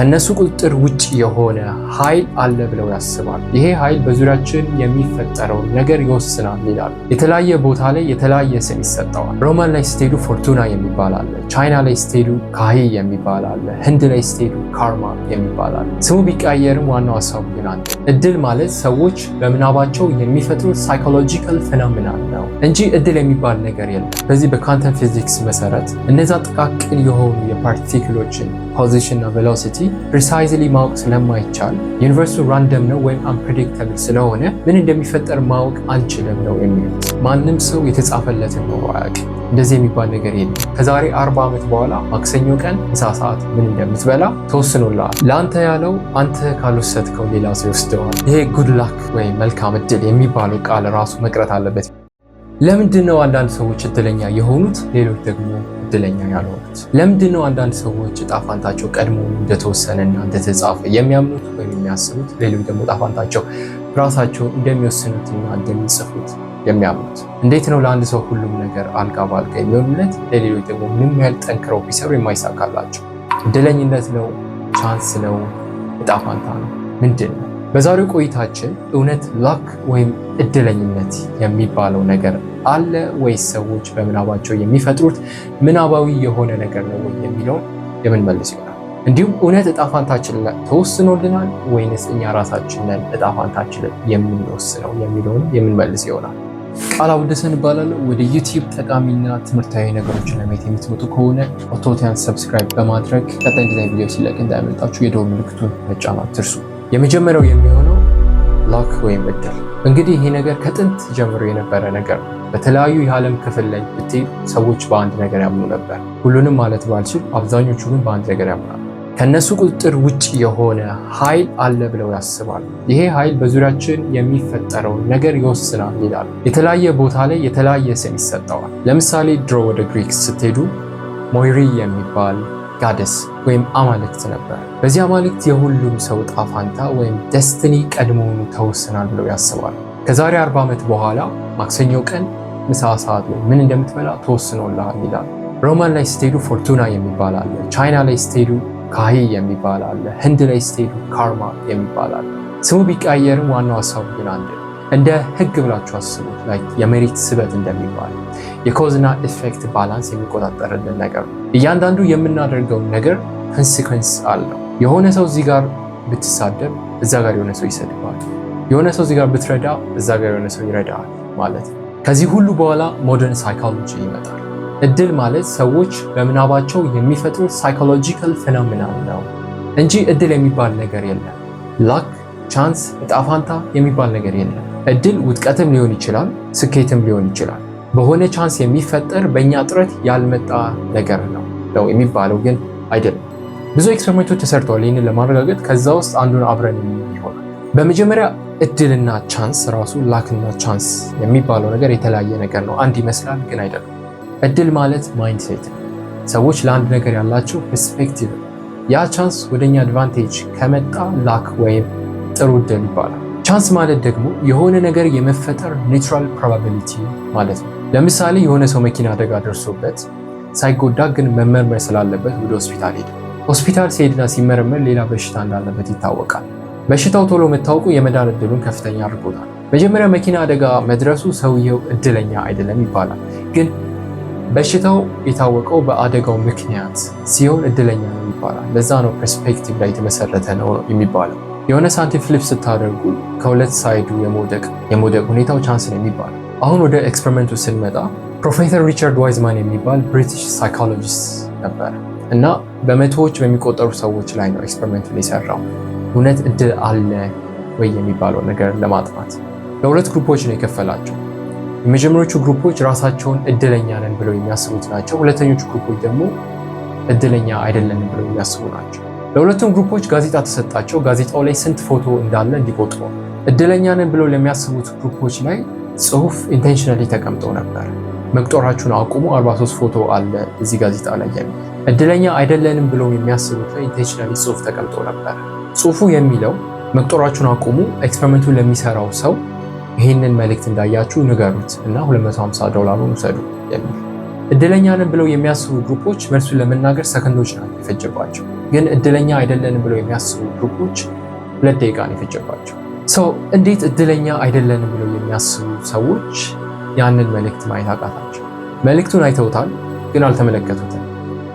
ከነሱ ቁጥጥር ውጭ የሆነ ኃይል አለ ብለው ያስባል። ይሄ ኃይል በዙሪያችን የሚፈጠረው ነገር ይወስናል ይላል። የተለያየ ቦታ ላይ የተለያየ ስም ይሰጠዋል። ሮማን ላይ ስትሄዱ ፎርቱና የሚባል አለ። ቻይና ላይ ስትሄዱ ካሂ የሚባል አለ። ህንድ ላይ ስትሄዱ ካርማ የሚባል አለ። ስሙ ቢቀየርም ዋናው ሀሳቡ ግን አንድ። እድል ማለት ሰዎች በምናባቸው የሚፈጥሩት ሳይኮሎጂካል ፌኖሚናል ነው እንጂ እድል የሚባል ነገር የለም። በዚህ በኳንተም ፊዚክስ መሰረት እነዛ ጥቃቅን የሆኑ የፓርቲክሎችን ፖዚሽንና ቬሎሲቲ ፕሪሳይዝሊ ማወቅ ስለማይቻል ዩኒቨርሱ ራንደም ነው ወይም አንፕሬዲክተብል ስለሆነ ምን እንደሚፈጠር ማወቅ አንችልም ነው የሚሉት። ማንም ሰው የተጻፈለትን ኖሮ አያውቅም። እንደዚህ የሚባል ነገር የለም። ከዛሬ አርባ ዓመት በኋላ ማክሰኞ ቀን ምሳ ሰዓት ምን እንደምትበላ ተወስኖልሃል። ለአንተ ያለው አንተ ካልወሰድከው ሌላ ሰው ይወስደዋል። ይሄ ጉድ ላክ ወይም መልካም እድል የሚባለው ቃል ራሱ መቅረት አለበት። ለምንድን ነው አንዳንድ ሰዎች እድለኛ የሆኑት ሌሎች ደግሞ እድለኛ ያልሆኑት? ለምንድን ነው አንዳንድ ሰዎች ጣፋንታቸው ፋንታቸው ቀድሞ እንደተወሰነና እንደተጻፈ የሚያምኑት ወይም የሚያስቡት፣ ሌሎች ደግሞ ጣፋንታቸው ፋንታቸው ራሳቸው እንደሚወስኑትና እንደሚጽፉት የሚያምኑት? እንዴት ነው ለአንድ ሰው ሁሉም ነገር አልጋ ባልጋ የሚሆኑለት፣ ለሌሎች ደግሞ ምንም ያህል ጠንክረው ቢሰሩ የማይሳካላቸው? እድለኝነት ነው? ቻንስ ነው? ዕጣ ፋንታ ነው? ምንድን ነው? በዛሬው ቆይታችን እውነት ላክ ወይም እድለኝነት የሚባለው ነገር አለ ወይስ ሰዎች በምናባቸው የሚፈጥሩት ምናባዊ የሆነ ነገር ነው ወይ የሚለውን የምንመልስ ይሆናል። እንዲሁም እውነት እጣ ተወስኖልናል ወይንስ እኛ ራሳችንን እጣ የምንወስነው የሚለውን የምንመልስ ይሆናል። ቃል አውደሰን ይባላል። ወደ ዩቲዩብ ጠቃሚና ትምህርታዊ ነገሮችን ለማየት የምትመጡ ከሆነ ኦቶቲያን ሰብስክራይብ በማድረግ ቀጣይ ጊዜ ቪዲዮ ሲለቅ እንዳያመልጣችሁ የደወል ምልክቱን መጫን አትርሱ። የመጀመሪያው የሚሆነው ላክ ወይም እድል። እንግዲህ ይሄ ነገር ከጥንት ጀምሮ የነበረ ነገር ነው። በተለያዩ የዓለም ክፍል ላይ ብትሄድ ሰዎች በአንድ ነገር ያምኑ ነበር። ሁሉንም ማለት ባልችል፣ አብዛኞቹ ግን በአንድ ነገር ያምናሉ። ከእነሱ ቁጥጥር ውጭ የሆነ ኃይል አለ ብለው ያስባሉ። ይሄ ኃይል በዙሪያችን የሚፈጠረውን ነገር ይወስናል ይላሉ። የተለያየ ቦታ ላይ የተለያየ ስም ይሰጠዋል። ለምሳሌ ድሮ ወደ ግሪክ ስትሄዱ ሞይሪ የሚባል ጋደስ ወይም አማልክት ነበር። በዚህ አማልክት የሁሉም ሰው ጣፋንታ ወይም ደስትኒ ቀድሞውኑ ተወስናል ብለው ያስባሉ። ከዛሬ 40 ዓመት በኋላ ማክሰኞ ቀን ምሳ ሰዓት ላይ ምን እንደምትበላ ተወስኖልሃል ይላል። ሮማን ላይ ስትሄዱ ፎርቱና የሚባል አለ። ቻይና ላይ ስትሄዱ ካሂ የሚባል አለ። ህንድ ላይ ስትሄዱ ካርማ የሚባል አለ። ስሙ ቢቀየርም ዋናው ሀሳቡ ግን አንድ እንደ ህግ ብላችሁ አስቡት። ላይ የመሬት ስበት እንደሚባል የኮዝና ኢፌክት ባላንስ የሚቆጣጠርልን ነገር ነው። እያንዳንዱ የምናደርገው ነገር ኮንሲኩንስ አለው። የሆነ ሰው እዚህ ጋር ብትሳደብ እዛ ጋር የሆነ ሰው ይሰድባል። የሆነ ሰው እዚህ ጋር ብትረዳ እዛ ጋር የሆነ ሰው ይረዳል ማለት ነው። ከዚህ ሁሉ በኋላ ሞደርን ሳይኮሎጂ ይመጣል። እድል ማለት ሰዎች በምናባቸው የሚፈጥሩት ሳይኮሎጂካል ፌኖሚናል ነው እንጂ እድል የሚባል ነገር የለም። ላክ፣ ቻንስ፣ እጣፋንታ የሚባል ነገር የለም። እድል ውድቀትም ሊሆን ይችላል፣ ስኬትም ሊሆን ይችላል። በሆነ ቻንስ የሚፈጠር በእኛ ጥረት ያልመጣ ነገር ነው ነው የሚባለው ግን አይደለም። ብዙ ኤክስፐሪሜንቶች ተሰርተዋል ይህንን ለማረጋገጥ ከዛ ውስጥ አንዱን አብረን ይሆናል በመጀመሪያ እድልና ቻንስ ራሱ ላክና ቻንስ የሚባለው ነገር የተለያየ ነገር ነው። አንድ ይመስላል ግን አይደለም። እድል ማለት ማይንድሴት ነው። ሰዎች ለአንድ ነገር ያላቸው ፐርስፔክቲቭ ነው። ያ ቻንስ ወደኛ አድቫንቴጅ ከመጣ ላክ ወይም ጥሩ እድል ይባላል። ቻንስ ማለት ደግሞ የሆነ ነገር የመፈጠር ኔትራል ፕሮባቢሊቲ ማለት ነው። ለምሳሌ የሆነ ሰው መኪና አደጋ ደርሶበት ሳይጎዳ ግን መመርመር ስላለበት ወደ ሆስፒታል ሄደ። ሆስፒታል ሲሄድና ሲመረመር ሌላ በሽታ እንዳለበት ይታወቃል። በሽታው ቶሎ መታወቁ የመዳን እድሉን ከፍተኛ አድርጎታል። መጀመሪያ መኪና አደጋ መድረሱ ሰውየው እድለኛ አይደለም ይባላል። ግን በሽታው የታወቀው በአደጋው ምክንያት ሲሆን እድለኛ ነው ይባላል። ለዛ ነው ፐርስፔክቲቭ ላይ የተመሰረተ ነው የሚባለው። የሆነ ሳንቲም ፍሊፕ ስታደርጉ ከሁለት ሳይዱ የመውደቅ የመውደቅ ሁኔታው ቻንስ ነው የሚባለው። አሁን ወደ ኤክስፐሪመንቱ ስንመጣ ፕሮፌሰር ሪቻርድ ዋይዝማን የሚባል ብሪቲሽ ሳይኮሎጂስት ነበር እና በመቶዎች በሚቆጠሩ ሰዎች ላይ ነው ኤክስፐሪመንቱን የሰራው። እውነት እድል አለ ወይ የሚባለው ነገር ለማጥናት ለሁለት ግሩፖች ነው የከፈላቸው። የመጀመሪያዎቹ ግሩፖች ራሳቸውን እድለኛ ነን ብለው የሚያስቡት ናቸው። ሁለተኞቹ ግሩፖች ደግሞ እድለኛ አይደለንም ብለው የሚያስቡ ናቸው። ለሁለቱም ግሩፖች ጋዜጣ ተሰጣቸው። ጋዜጣው ላይ ስንት ፎቶ እንዳለ እንዲቆጥሩ። እድለኛ ነን ብለው ለሚያስቡት ግሩፖች ላይ ጽሁፍ ኢንቴንሽናሊ ተቀምጠው ነበር። መቁጠራችሁን አቁሙ 43 ፎቶ አለ እዚህ ጋዜጣ ላይ የሚል። እድለኛ አይደለንም ብለው የሚያስቡት ላይ ኢንቴንሽናሊ ጽሁፍ ተቀምጠው ነበር። ጽሁፉ የሚለው መቁጠሯችሁን አቁሙ፣ ኤክስፐሪመንቱን ለሚሰራው ሰው ይህንን መልእክት እንዳያችሁ ንገሩት እና 250 ዶላሩን ውሰዱ የሚል እድለኛንን ብለው የሚያስቡ ግሩፖች መልሱን ለመናገር ሰከንዶች ናት የፈጀባቸው። ግን እድለኛ አይደለንም ብለው የሚያስቡ ግሩፖች ሁለት ደቂቃ ነው የፈጀባቸው። ሰው እንዴት እድለኛ አይደለንም ብለው የሚያስቡ ሰዎች ያንን መልእክት ማየት አቃታቸው። መልእክቱን አይተውታል፣ ግን አልተመለከቱትም።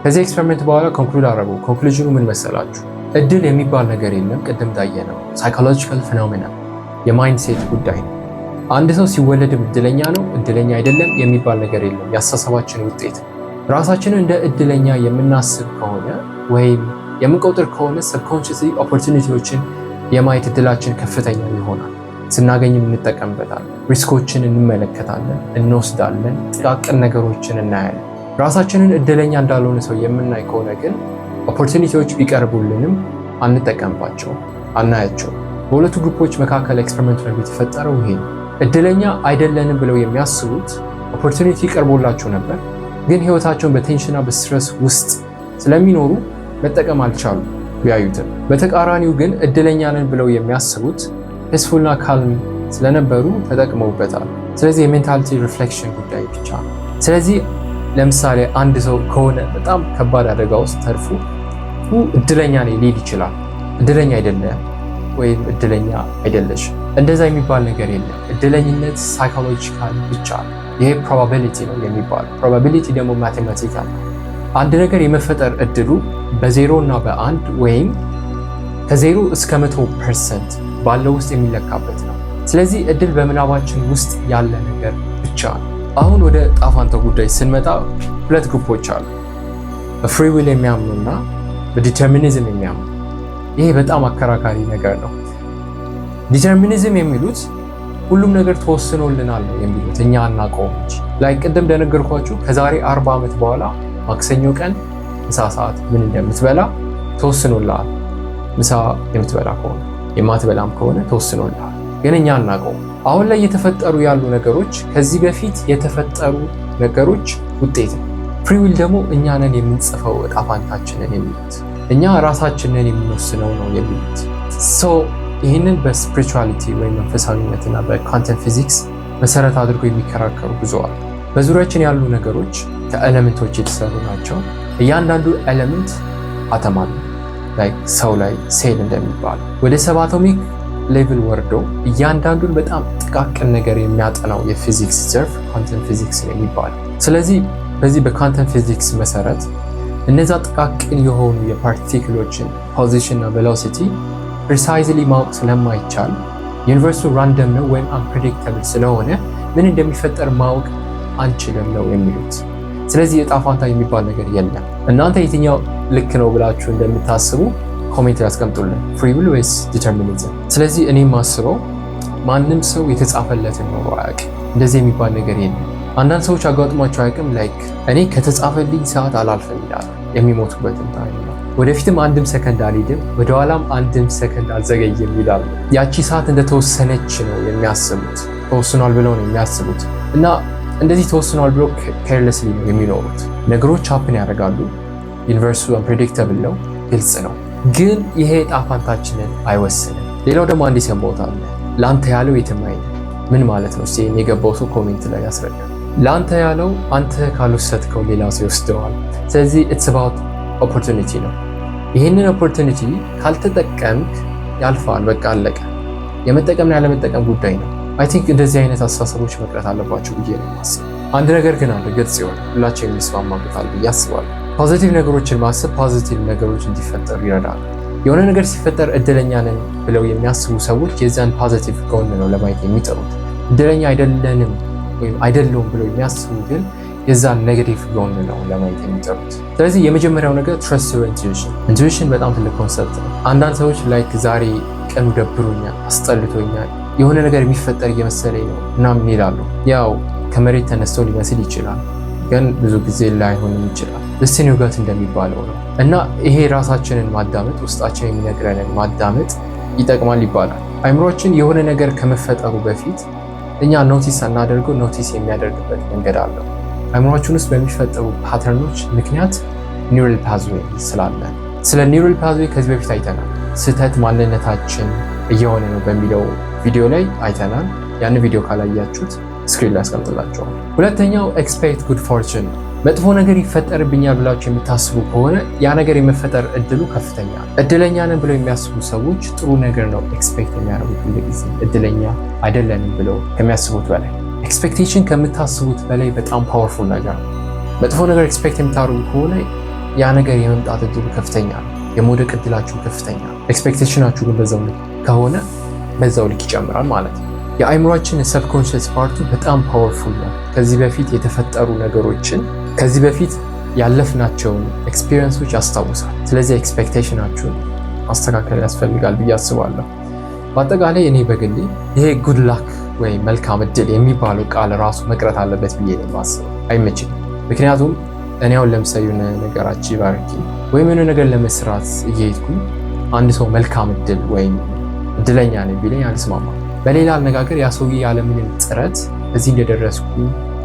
ከዚህ ኤክስፐሪመንት በኋላ ኮንክሉድ አረበው። ኮንክሉዥኑ ምን መሰላችሁ? እድል የሚባል ነገር የለም። ቅድም ታየ ነው ሳይኮሎጂካል ፌኖሜና የማይንድሴት ጉዳይ ነው። አንድ ሰው ሲወለድም እድለኛ ነው እድለኛ አይደለም የሚባል ነገር የለም። የአስተሳሰባችን ውጤት ራሳችንን እንደ እድለኛ የምናስብ ከሆነ ወይም የምንቆጥር ከሆነ ሰብኮንሽስ ኦፖርቹኒቲዎችን የማየት እድላችን ከፍተኛ ይሆናል። ስናገኝም እንጠቀምበታል ሪስኮችን እንመለከታለን፣ እንወስዳለን፣ ጥቃቅን ነገሮችን እናያለን። ራሳችንን እድለኛ እንዳልሆነ ሰው የምናይ ከሆነ ግን ኦፖርቹኒቲዎች ቢቀርቡልንም አንጠቀምባቸው፣ አናያቸው። በሁለቱ ግሩፖች መካከል ኤክስፐሪመንት ላይ የተፈጠረው ይሄ ነው። እድለኛ አይደለንም ብለው የሚያስቡት ኦፖርቹኒቲ ቀርቦላቸው ነበር፣ ግን ህይወታቸውን በቴንሽንና በስትረስ ውስጥ ስለሚኖሩ መጠቀም አልቻሉ ቢያዩትም። በተቃራኒው ግን እድለኛ ነን ብለው የሚያስቡት ፔስፉልና ካልም ስለነበሩ ተጠቅመውበታል። ስለዚህ የሜንታሊቲ ሪፍሌክሽን ጉዳይ ብቻ ስለዚህ ለምሳሌ አንድ ሰው ከሆነ በጣም ከባድ አደጋ ውስጥ ተርፎ እድለኛ ነኝ ሊል ይችላል። እድለኛ አይደለም ወይም እድለኛ አይደለች። እንደዛ የሚባል ነገር የለም። እድለኝነት ሳይኮሎጂካል ብቻ ይሄ ፕሮባቢሊቲ ነው የሚባል ፕሮባቢሊቲ ደግሞ ማቴማቲካል ነው። አንድ ነገር የመፈጠር እድሉ በዜሮ እና በአንድ ወይም ከዜሮ እስከ መቶ ፐርሰንት ባለው ውስጥ የሚለካበት ነው። ስለዚህ እድል በምናባችን ውስጥ ያለ ነገር ብቻ ነው። አሁን ወደ ጣፋንተ ጉዳይ ስንመጣ ሁለት ግሩፖች አሉ። በፍሪ ዊል የሚያምኑ እና በዲተርሚኒዝም የሚያምኑ። ይሄ በጣም አከራካሪ ነገር ነው። ዲተርሚኒዝም የሚሉት ሁሉም ነገር ተወስኖልናል ነው የሚሉት። እኛ አናውቀውም እንጂ ላይ ቅድም እንደነገርኳችሁ ከዛሬ አርባ ዓመት በኋላ ማክሰኞ ቀን ምሳ ሰዓት ምን እንደምትበላ ተወስኖልሃል። ምሳ የምትበላ ከሆነ የማትበላም ከሆነ ተወስኖልሃል። ግን እኛ አናውቀውም። አሁን ላይ የተፈጠሩ ያሉ ነገሮች ከዚህ በፊት የተፈጠሩ ነገሮች ውጤት ነው። ፍሪዊል ደግሞ እኛ ነን የምንጽፈው እጣ ፋንታችንን የሚሉት እኛ ራሳችንን የምንወስነው ነው የሚሉት ሶ ይህንን በስፕሪቹዋሊቲ ወይም መንፈሳዊነትና በኳንተም ፊዚክስ መሰረት አድርጎ የሚከራከሩ ብዙ አሉ። በዙሪያችን ያሉ ነገሮች ከኤለመንቶች የተሰሩ ናቸው። እያንዳንዱ ኤለመንት አተም አለው፣ ሰው ላይ ሴል እንደሚባል ወደ ሰብ አቶሚክ ሌቭል ወርዶ እያንዳንዱን በጣም ጥቃቅን ነገር የሚያጠናው የፊዚክስ ዘርፍ ኳንተም ፊዚክስ ነው የሚባለው። ስለዚህ በዚህ በኳንተም ፊዚክስ መሰረት እነዛ ጥቃቅን የሆኑ የፓርቲክሎችን ፖዚሽን እና ቬሎሲቲ ፕሪሳይዝሊ ማወቅ ስለማይቻል ዩኒቨርሱ ራንደም ነው ወይም አንፕሬዲክተብል ስለሆነ ምን እንደሚፈጠር ማወቅ አንችልም ነው የሚሉት። ስለዚህ የጣፋንታ የሚባል ነገር የለም። እናንተ የትኛው ልክ ነው ብላችሁ እንደምታስቡ ኮሜንት ያስቀምጡልን። ፍሪ ዊል ወይስ ዲተርሚኒዝም? ስለዚህ እኔ ማስበው ማንም ሰው የተጻፈለትን ኖሮ አያውቅም። እንደዚህ የሚባል ነገር የለም። አንዳንድ ሰዎች አጋጥሟቸው አያውቅም። ላይክ እኔ ከተጻፈልኝ ሰዓት አላልፍም ይላሉ። የሚሞቱበትን ታይም ወደፊትም አንድም ሰከንድ አልሄድም፣ ወደኋላም አንድም ሰከንድ አልዘገይም ይላሉ። ያቺ ሰዓት እንደተወሰነች ነው የሚያስቡት። ተወስኗል ብለው ነው የሚያስቡት እና እንደዚህ ተወስኗል ብሎ ኬርለስሊ ነው የሚኖሩት። ነገሮች ሀፕን ያደርጋሉ። ዩኒቨርሱ አንፕሬዲክተብል ነው፣ ግልጽ ነው። ግን ይሄ ዕጣ አይወስንም። ሌላው ደግሞ አንዲት ገንቦታ አለ። ለአንተ ያለው የትም አይልም። ምን ማለት ነው? እስኪ የገባው ሰው ኮሜንት ላይ ያስረዳ። ለአንተ ያለው አንተ ካልወሰድከው ሌላ ሰው ይወስደዋል። ስለዚህ ኢትስ አባውት ነው። ይህንን ኦፖርቱኒቲ ካልተጠቀምክ ያልፋል። በቃ አለቀ። የመጠቀምና ያለመጠቀም ጉዳይ ነው። አይ ቲንክ እንደዚህ አይነት አስተሳሰቦች መቅረት አለባቸው ብዬ ነው የማስበው። አንድ ነገር ግን አለ ግልጽ ይሆን ሁላቸው የሚስማማበታል ብዬ አስባለሁ። ፖዚቲቭ ነገሮችን ማሰብ ፖዚቲቭ ነገሮች እንዲፈጠሩ ይረዳል። የሆነ ነገር ሲፈጠር እድለኛ ነን ብለው የሚያስቡ ሰዎች የዚያን ፖዚቲቭ ጎን ነው ለማየት የሚጥሩት። እድለኛ አይደለንም ወይም አይደለውም ብለው የሚያስቡ ግን የዛን ኔጌቲቭ ጎን ነው ለማየት የሚጠሩት። ስለዚህ የመጀመሪያው ነገር ትረስት ዩር ኢንቱዊሽን። ኢንቱዊሽን በጣም ትልቅ ኮንሰፕት ነው። አንዳንድ ሰዎች ላይክ ዛሬ ቀኑ ደብሮኛል፣ አስጠልቶኛል፣ የሆነ ነገር የሚፈጠር እየመሰለኝ ነው ምናምን ይላሉ። ያው ከመሬት ተነስተው ሊመስል ይችላል ግን ብዙ ጊዜ ላይሆንም ይችላል። ልስኒው ጋት እንደሚባለው ነው እና ይሄ ራሳችንን ማዳመጥ ውስጣችን የሚነግረንን ማዳመጥ ይጠቅማል ይባላል። አይምሮችን የሆነ ነገር ከመፈጠሩ በፊት እኛ ኖቲስ አናደርገው ኖቲስ የሚያደርግበት መንገድ አለው። አይምሮችን ውስጥ በሚፈጠሩ ፓተርኖች ምክንያት ኒውራል ፓዝዌይ ስላለ ስለ ኒውራል ፓዝዌይ ከዚህ በፊት አይተናል። ስህተት ማንነታችን እየሆነ ነው በሚለው ቪዲዮ ላይ አይተናል። ያን ቪዲዮ ካላያችሁት ስክሪን ላይ ያስቀምጥላቸዋል። ሁለተኛው ኤክስፔክት ጉድ ፎርችን መጥፎ ነገር ይፈጠርብኛል ብላችሁ የምታስቡ ከሆነ ያ ነገር የመፈጠር እድሉ ከፍተኛ ነው። እድለኛ ነን ብለው የሚያስቡ ሰዎች ጥሩ ነገር ነው ኤክስፔክት የሚያደርጉት ሁሉ ጊዜ። እድለኛ አይደለንም ብለው ከሚያስቡት በላይ ኤክስፔክቴሽን ከምታስቡት በላይ በጣም ፓወርፉል ነገር ነው። መጥፎ ነገር ኤክስፔክት የምታደርጉ ከሆነ ያ ነገር የመምጣት እድሉ ከፍተኛ ነው። የመውደቅ እድላችሁ ከፍተኛ ነው። ኤክስፔክቴሽናችሁ ግን በዛው ልክ ከሆነ በዛው ልክ ይጨምራል ማለት ነው። የአእምሯችን የሰብኮንሽስ ፓርቱ በጣም ፓወርፉል ነው። ከዚህ በፊት የተፈጠሩ ነገሮችን ከዚህ በፊት ያለፍናቸውን ኤክስፒሪየንሶች ያስታውሳል። ስለዚህ ኤክስፔክቴሽናችሁን ማስተካከል ያስፈልጋል ብዬ አስባለሁ። በአጠቃላይ እኔ በግሌ ይሄ ጉድ ላክ ወይም መልካም እድል የሚባለው ቃል ራሱ መቅረት አለበት ብዬ ነው የማስበው። አይመችልም። ምክንያቱም እኔ አሁን ለምሳሌ የሆነ ነገር አቺቭ ወይም የሆነ ነገር ለመስራት እየሄድኩኝ አንድ ሰው መልካም እድል ወይም እድለኛ ነው ቢለኝ አልስማማም። በሌላ አነጋገር ያ ሰውዬ ያለምንም ጥረት እዚህ እንደደረስኩ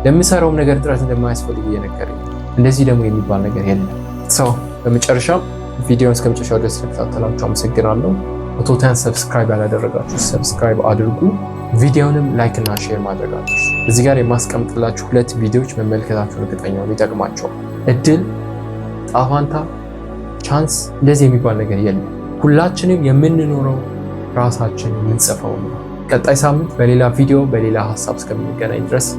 ለምሰራውም ነገር ጥረት እንደማያስፈልግ እየነገረኝ እንደዚህ ደግሞ የሚባል ነገር የለም። ሰው በመጨረሻ ቪዲዮን እስከ መጨረሻው ድረስ ተከታተላችሁ አመሰግናለሁ። ኦቶታን ሰብስክራይብ ያላደረጋችሁ ሰብስክራይብ አድርጉ። ቪዲዮንም ላይክ እና ሼር ማድረጋችሁ እዚህ ጋር የማስቀምጥላችሁ ሁለት ቪዲዮዎች መመልከታችሁን እርግጠኛ ነው ይጠቅማቸው። እድል፣ ጣፋንታ፣ ቻንስ እንደዚህ የሚባል ነገር የለም። ሁላችንም የምንኖረው ራሳችን የምንጽፈው ነው። ቀጣይ ሳምንት በሌላ ቪዲዮ በሌላ ሀሳብ እስከምንገናኝ ድረስ